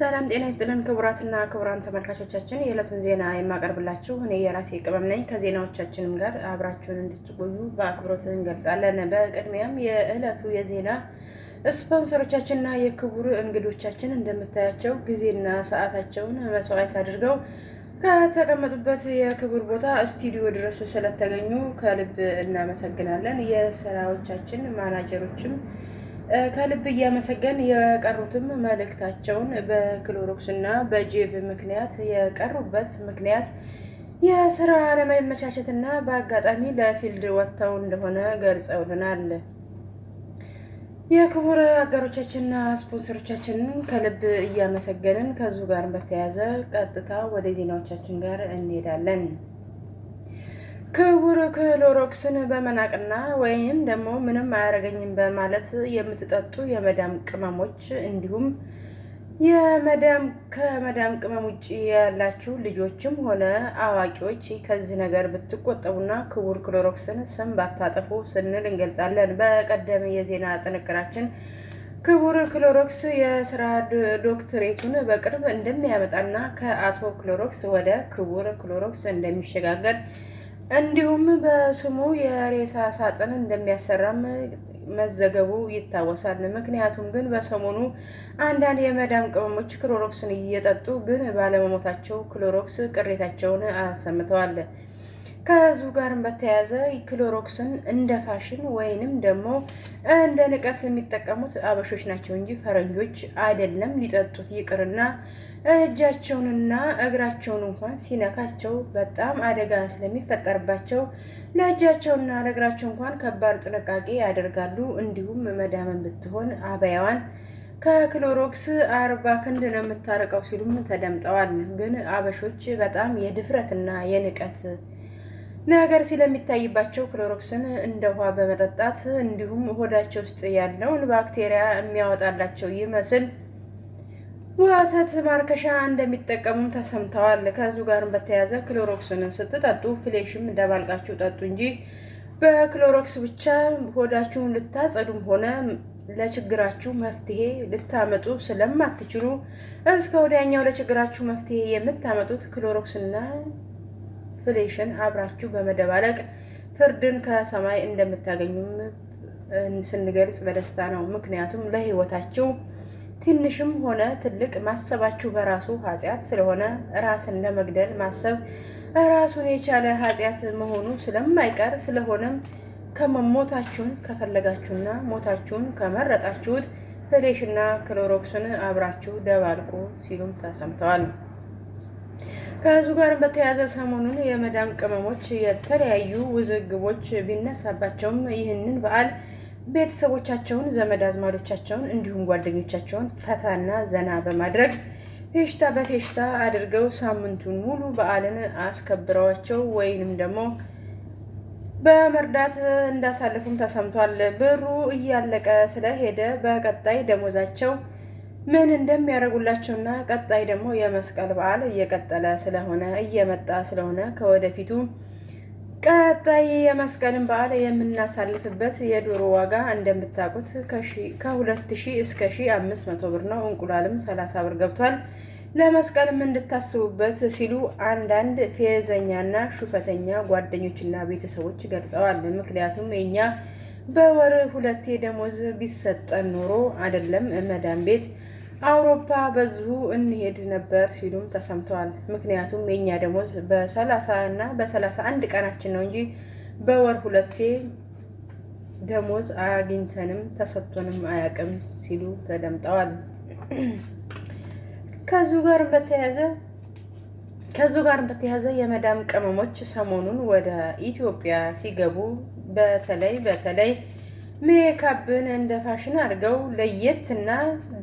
ሰላም ጤና ይስጥልን ክቡራትና ክቡራን ተመልካቾቻችን፣ የዕለቱን ዜና የማቀርብላችሁ እኔ የራሴ ቅመም ነኝ። ከዜናዎቻችንም ጋር አብራችሁን እንድትቆዩ በአክብሮት እንገልጻለን። በቅድሚያም የዕለቱ የዜና ስፖንሰሮቻችንና የክቡር እንግዶቻችን እንደምታያቸው ጊዜና ሰዓታቸውን መስዋዕት አድርገው ከተቀመጡበት የክቡር ቦታ ስቱዲዮ ድረስ ስለተገኙ ከልብ እናመሰግናለን። የስራዎቻችን ማናጀሮችም ከልብ እያመሰገን የቀሩትም መልእክታቸውን በክሎሮክስ እና በጄብ ምክንያት የቀሩበት ምክንያት የስራ ለመመቻቸት እና በአጋጣሚ ለፊልድ ወጥተው እንደሆነ ገልጸውልናል። የክቡር አጋሮቻችንና ስፖንሰሮቻችንን ከልብ እያመሰገንን ከዙ ጋር በተያያዘ ቀጥታ ወደ ዜናዎቻችን ጋር እንሄዳለን። ክቡር ክሎሮክስን በመናቅና ወይም ደግሞ ምንም አያደርገኝም በማለት የምትጠጡ የመዳም ቅመሞች እንዲሁም የመዳም ከመዳም ቅመም ውጭ ያላችሁ ልጆችም ሆነ አዋቂዎች ከዚህ ነገር ብትቆጠቡና ክቡር ክሎሮክስን ስም ባታጠፉ ስንል እንገልጻለን። በቀደም የዜና ጥንቅራችን ክቡር ክሎሮክስ የስራ ዶክትሬቱን በቅርብ እንደሚያመጣና ከአቶ ክሎሮክስ ወደ ክቡር ክሎሮክስ እንደሚሸጋገር እንዲሁም በስሙ የሬሳ ሳጥን እንደሚያሰራም መዘገቡ ይታወሳል። ምክንያቱም ግን በሰሞኑ አንዳንድ የመዳም ቅመሞች ክሎሮክስን እየጠጡ ግን ባለመሞታቸው ክሎሮክስ ቅሬታቸውን አሰምተዋል። ከዙ ጋርም በተያያዘ ክሎሮክስን እንደ ፋሽን ወይንም ደግሞ እንደ ንቀት የሚጠቀሙት አበሾች ናቸው እንጂ ፈረንጆች አይደለም። ሊጠጡት ይቅርና እጃቸውንና እግራቸውን እንኳን ሲነካቸው በጣም አደጋ ስለሚፈጠርባቸው ለእጃቸውና ለእግራቸው እንኳን ከባድ ጥንቃቄ ያደርጋሉ። እንዲሁም መዳመን ብትሆን አበያዋን ከክሎሮክስ አርባ ክንድ ነው የምታረቀው ሲሉም ተደምጠዋል። ግን አበሾች በጣም የድፍረትና የንቀት ነገር ስለሚታይባቸው ክሎሮክስን እንደ ውሃ በመጠጣት እንዲሁም ሆዳቸው ውስጥ ያለውን ባክቴሪያ የሚያወጣላቸው ይመስል ወተት ማርከሻ እንደሚጠቀሙም ተሰምተዋል። ከዚሁ ጋርም በተያያዘ ክሎሮክስንም ስትጠጡ ፍሌሽም እንደባልቃችሁ ጠጡ እንጂ በክሎሮክስ ብቻ ሆዳችሁን ልታጸዱም ሆነ ለችግራችሁ መፍትሄ ልታመጡ ስለማትችሉ እስከ ወዲያኛው ለችግራችሁ መፍትሄ የምታመጡት ክሎሮክስና ኢንፍሌሽን አብራችሁ በመደባለቅ ፍርድን ከሰማይ እንደምታገኙም ስንገልጽ በደስታ ነው። ምክንያቱም ለህይወታችሁ ትንሽም ሆነ ትልቅ ማሰባችሁ በራሱ ኃጢአት ስለሆነ ራስን ለመግደል ማሰብ ራሱን የቻለ ኃጢአት መሆኑ ስለማይቀር ስለሆነም ከመሞታችሁን ከፈለጋችሁና ሞታችሁን ከመረጣችሁት ፍሌሽና ክሎሮክስን አብራችሁ ደባልቁ ሲሉም ተሰምተዋል። ከዙ ጋር በተያያዘ ሰሞኑን የመዳም ቅመሞች የተለያዩ ውዝግቦች ቢነሳባቸውም ይህንን በዓል ቤተሰቦቻቸውን፣ ዘመድ አዝማዶቻቸውን እንዲሁም ጓደኞቻቸውን ፈታና ዘና በማድረግ ፌሽታ በፌሽታ አድርገው ሳምንቱን ሙሉ በዓልን አስከብረዋቸው ወይንም ደግሞ በመርዳት እንዳሳለፉም ተሰምቷል። ብሩ እያለቀ ስለሄደ በቀጣይ ደሞዛቸው ምን እንደሚያደርጉላቸውና ቀጣይ ደግሞ የመስቀል በዓል እየቀጠለ ስለሆነ እየመጣ ስለሆነ ከወደፊቱ ቀጣይ የመስቀልን በዓል የምናሳልፍበት የዶሮ ዋጋ እንደምታውቁት ከሁለት ሺህ እስከ ሺህ አምስት መቶ ብር ነው። እንቁላልም ሰላሳ ብር ገብቷል። ለመስቀልም እንድታስቡበት ሲሉ አንዳንድ ፌዘኛና ሹፈተኛ ጓደኞችና ቤተሰቦች ገልጸዋል። ምክንያቱም የኛ በወር ሁለቴ ደሞዝ ቢሰጠን ኖሮ አይደለም መዳን ቤት አውሮፓ በዚሁ እንሄድ ነበር ሲሉም ተሰምተዋል። ምክንያቱም የእኛ ደሞዝ በሰላሳ እና በሰላሳ አንድ ቀናችን ነው እንጂ በወር ሁለቴ ደሞዝ አግኝተንም ተሰጥቶንም አያውቅም ሲሉ ተደምጠዋል። ከዚሁ ጋር በተያያዘ ከዚሁ ጋር በተያያዘ የመዳም ቅመሞች ሰሞኑን ወደ ኢትዮጵያ ሲገቡ በተለይ በተለይ ሜካፕን እንደ ፋሽን አድርገው ለየትና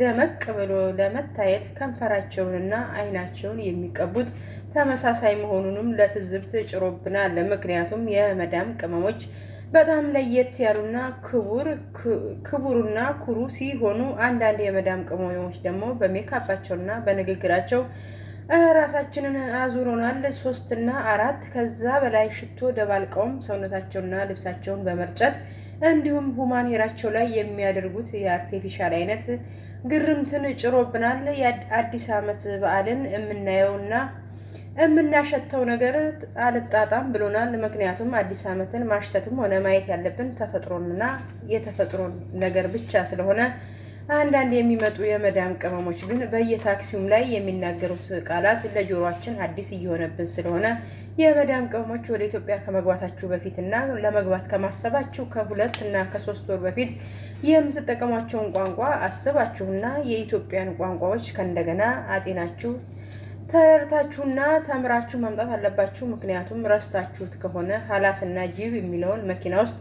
ደመቅ ብሎ ለመታየት ከንፈራቸውንና አይናቸውን የሚቀቡት ተመሳሳይ መሆኑንም ለትዝብት ጭሮብናል። ምክንያቱም የመዳም ቅመሞች በጣም ለየት ያሉና ክቡር ክቡሩና ኩሩ ሲሆኑ፣ አንዳንድ የመዳም ቅመሞች ደግሞ በሜካፓቸውና በንግግራቸው ራሳችንን አዙሮናል። ሶስትና አራት ከዛ በላይ ሽቶ ደባልቀውም ሰውነታቸውና ልብሳቸውን በመርጨት እንዲሁም ሁማን ሄራቸው ላይ የሚያደርጉት የአርቴፊሻል አይነት ግርምትን ጭሮብናል። የአዲስ ዓመት በዓልን የምናየውና የምናሸተው ነገር አልጣጣም ብሎናል። ምክንያቱም አዲስ ዓመትን ማሽተትም ሆነ ማየት ያለብን ተፈጥሮንና የተፈጥሮን ነገር ብቻ ስለሆነ አንዳንድ የሚመጡ የመዳም ቅመሞች ግን በየታክሲውም ላይ የሚናገሩት ቃላት ለጆሮችን አዲስ እየሆነብን ስለሆነ የመዳም ቅመሞች ወደ ኢትዮጵያ ከመግባታችሁ በፊት እና ለመግባት ከማሰባችሁ ከሁለት እና ከሶስት ወር በፊት የምትጠቀሟቸውን ቋንቋ አስባችሁና የኢትዮጵያን ቋንቋዎች ከእንደገና አጤናችሁ ተረድታችሁና ተምራችሁ መምጣት አለባችሁ። ምክንያቱም ረስታችሁት ከሆነ ሀላስና ጅብ የሚለውን መኪና ውስጥ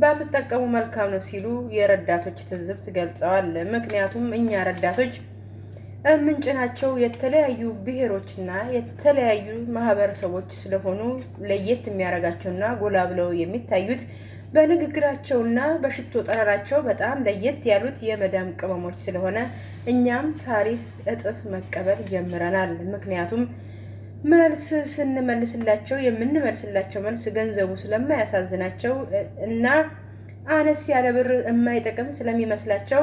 ባትጠቀሙ መልካም ነው ሲሉ የረዳቶች ትዝብት ገልጸዋል። ምክንያቱም እኛ ረዳቶች ምንጭ ናቸው የተለያዩ ብሔሮችና የተለያዩ ማህበረሰቦች ስለሆኑ ለየት የሚያደርጋቸውና ጎላ ብለው የሚታዩት በንግግራቸውና በሽቶ ጠረናቸው በጣም ለየት ያሉት የመዳም ቅመሞች ስለሆነ እኛም ታሪፍ እጥፍ መቀበል ጀምረናል። ምክንያቱም መልስ ስንመልስላቸው የምንመልስላቸው መልስ ገንዘቡ ስለማያሳዝናቸው እና አነስ ያለ ብር የማይጠቅም ስለሚመስላቸው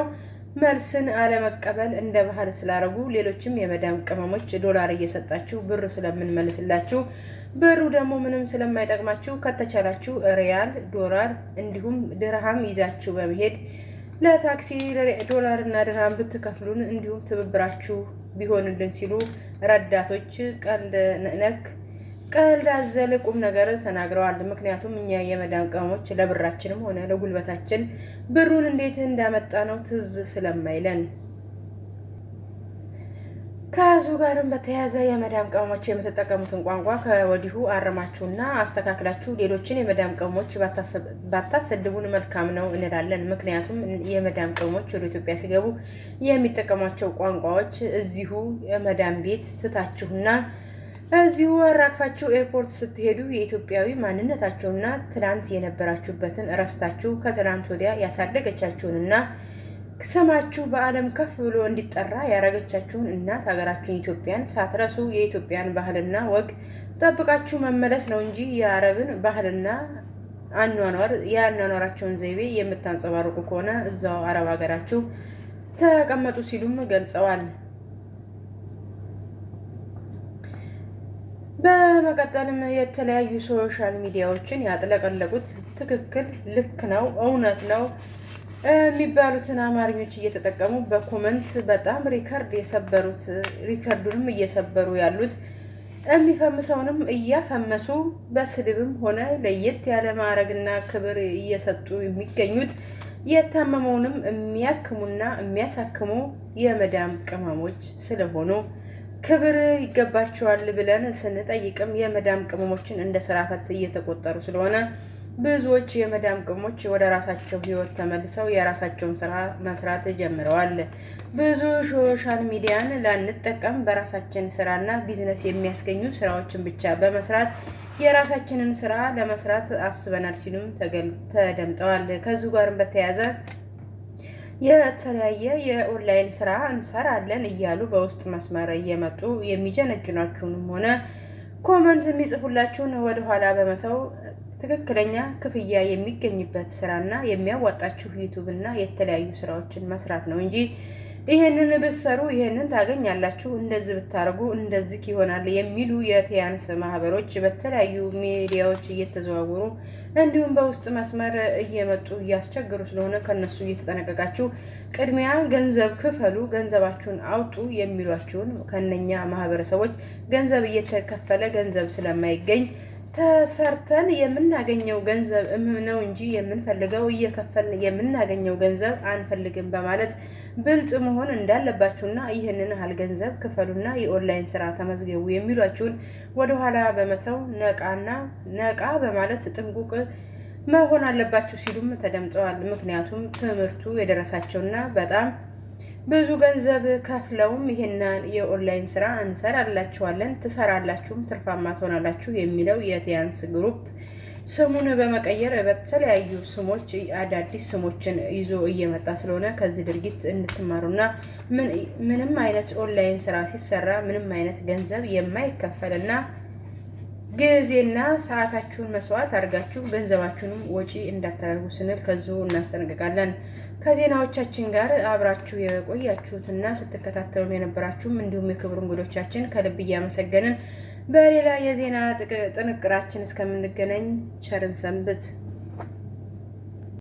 መልስን አለመቀበል እንደ ባህል ስላደረጉ ሌሎችም የመዳም ቅመሞች ዶላር እየሰጣችሁ ብር ስለምንመልስላችሁ ብሩ ደግሞ ምንም ስለማይጠቅማችሁ ከተቻላችሁ ሪያል፣ ዶላር እንዲሁም ድርሃም ይዛችሁ በመሄድ ለታክሲ ዶላርና ድርሃም ብትከፍሉን እንዲሁም ትብብራችሁ ቢሆንልን ሲሉ ረዳቶች ቀልድ ነክ ቀልድ አዘል ቁም ነገር ተናግረዋል። ምክንያቱም እኛ የመዳን ቅመሞች ለብራችንም ሆነ ለጉልበታችን ብሩን እንዴት እንዳመጣ ነው ትዝ ስለማይለን ከዙ ጋርም በተያያዘ የመዳም ቅመሞች የምትጠቀሙትን ቋንቋ ከወዲሁ አረማችሁና አስተካክላችሁ ሌሎችን የመዳም ቅመሞች ባታሰድቡን መልካም ነው እንላለን። ምክንያቱም የመዳም ቅመሞች ወደ ኢትዮጵያ ሲገቡ የሚጠቀሟቸው ቋንቋዎች እዚሁ የመዳም ቤት ትታችሁና እዚሁ አራግፋችሁ ኤርፖርት ስትሄዱ የኢትዮጵያዊ ማንነታችሁና ትናንት የነበራችሁበትን እረስታችሁ ከትናንት ወዲያ ያሳደገቻችሁንና ስማችሁ በዓለም ከፍ ብሎ እንዲጠራ ያደረገቻችሁን እናት ሀገራችሁን ኢትዮጵያን ሳትረሱ የኢትዮጵያን ባህልና ወግ ጠብቃችሁ መመለስ ነው እንጂ የአረብን ባህልና አኗኗር የአኗኗራቸውን ዘይቤ የምታንጸባርቁ ከሆነ እዛው አረብ ሀገራችሁ ተቀመጡ ሲሉም ገልጸዋል። በመቀጠልም የተለያዩ ሶሻል ሚዲያዎችን ያጥለቀለቁት ትክክል፣ ልክ ነው፣ እውነት ነው የሚባሉትን አማርኞች እየተጠቀሙ በኮመንት በጣም ሪከርድ የሰበሩት ሪከርዱንም እየሰበሩ ያሉት የሚፈምሰውንም እያፈመሱ በስድብም ሆነ ለየት ያለ ማዕረግና ክብር እየሰጡ የሚገኙት የታመመውንም የሚያክሙና የሚያሳክሙ የመዳም ቅመሞች ስለሆኑ ክብር ይገባቸዋል ብለን ስንጠይቅም የመዳም ቅመሞችን እንደ ስራ ፈት እየተቆጠሩ ስለሆነ ብዙዎች የመዳም ቅሞች ወደ ራሳቸው ህይወት ተመልሰው የራሳቸውን ስራ መስራት ጀምረዋል። ብዙ ሶሻል ሚዲያን ላንጠቀም በራሳችን ስራና ቢዝነስ የሚያስገኙ ስራዎችን ብቻ በመስራት የራሳችንን ስራ ለመስራት አስበናል ሲሉም ተደምጠዋል። ከዚሁ ጋርም በተያያዘ የተለያየ የኦንላይን ስራ እንሰራለን እያሉ በውስጥ መስመር እየመጡ የሚጀነጅናችሁንም ሆነ ኮመንት የሚጽፉላችሁን ወደኋላ በመተው ትክክለኛ ክፍያ የሚገኝበት ስራና የሚያዋጣችሁ ዩቱብ እና የተለያዩ ስራዎችን መስራት ነው እንጂ ይህንን ብትሰሩ ይህንን ታገኛላችሁ፣ እንደዚህ ብታደርጉ እንደዚህ ይሆናል የሚሉ የቲያንስ ማህበሮች በተለያዩ ሚዲያዎች እየተዘዋወሩ እንዲሁም በውስጥ መስመር እየመጡ እያስቸገሩ ስለሆነ ከነሱ እየተጠነቀቃችሁ ቅድሚያ ገንዘብ ክፈሉ፣ ገንዘባችሁን አውጡ የሚሏችሁን ከነኛ ማህበረሰቦች ገንዘብ እየተከፈለ ገንዘብ ስለማይገኝ ተሰርተን የምናገኘው ገንዘብ ነው እንጂ የምንፈልገው እየከፈልን የምናገኘው ገንዘብ አንፈልግም በማለት ብልጥ መሆን እንዳለባችሁና ይህንን ያህል ገንዘብ ክፈሉና የኦንላይን ስራ ተመዝገቡ የሚሏችሁን ወደኋላ በመተው ነቃና ነቃ በማለት ጥንቁቅ መሆን አለባችሁ ሲሉም ተደምጠዋል። ምክንያቱም ትምህርቱ የደረሳቸውና በጣም ብዙ ገንዘብ ከፍለውም ይህንን የኦንላይን ስራ እንሰራላችኋለን፣ ትሰራላችሁም፣ ትርፋማ ትሆናላችሁ የሚለው የቲያንስ ግሩፕ ስሙን በመቀየር በተለያዩ ስሞች አዳዲስ ስሞችን ይዞ እየመጣ ስለሆነ ከዚህ ድርጊት እንድትማሩና ምንም አይነት ኦንላይን ስራ ሲሰራ ምንም አይነት ገንዘብ የማይከፈልና ጊዜና ሰዓታችሁን መስዋዕት አድርጋችሁ ገንዘባችሁንም ወጪ እንዳታደርጉ ስንል ከዚሁ እናስጠነቅቃለን። ከዜናዎቻችን ጋር አብራችሁ የቆያችሁትና ስትከታተሉን የነበራችሁም እንዲሁም የክብር እንግዶቻችን ከልብ እያመሰገንን በሌላ የዜና ጥንቅራችን እስከምንገናኝ ቸርን ሰንብት።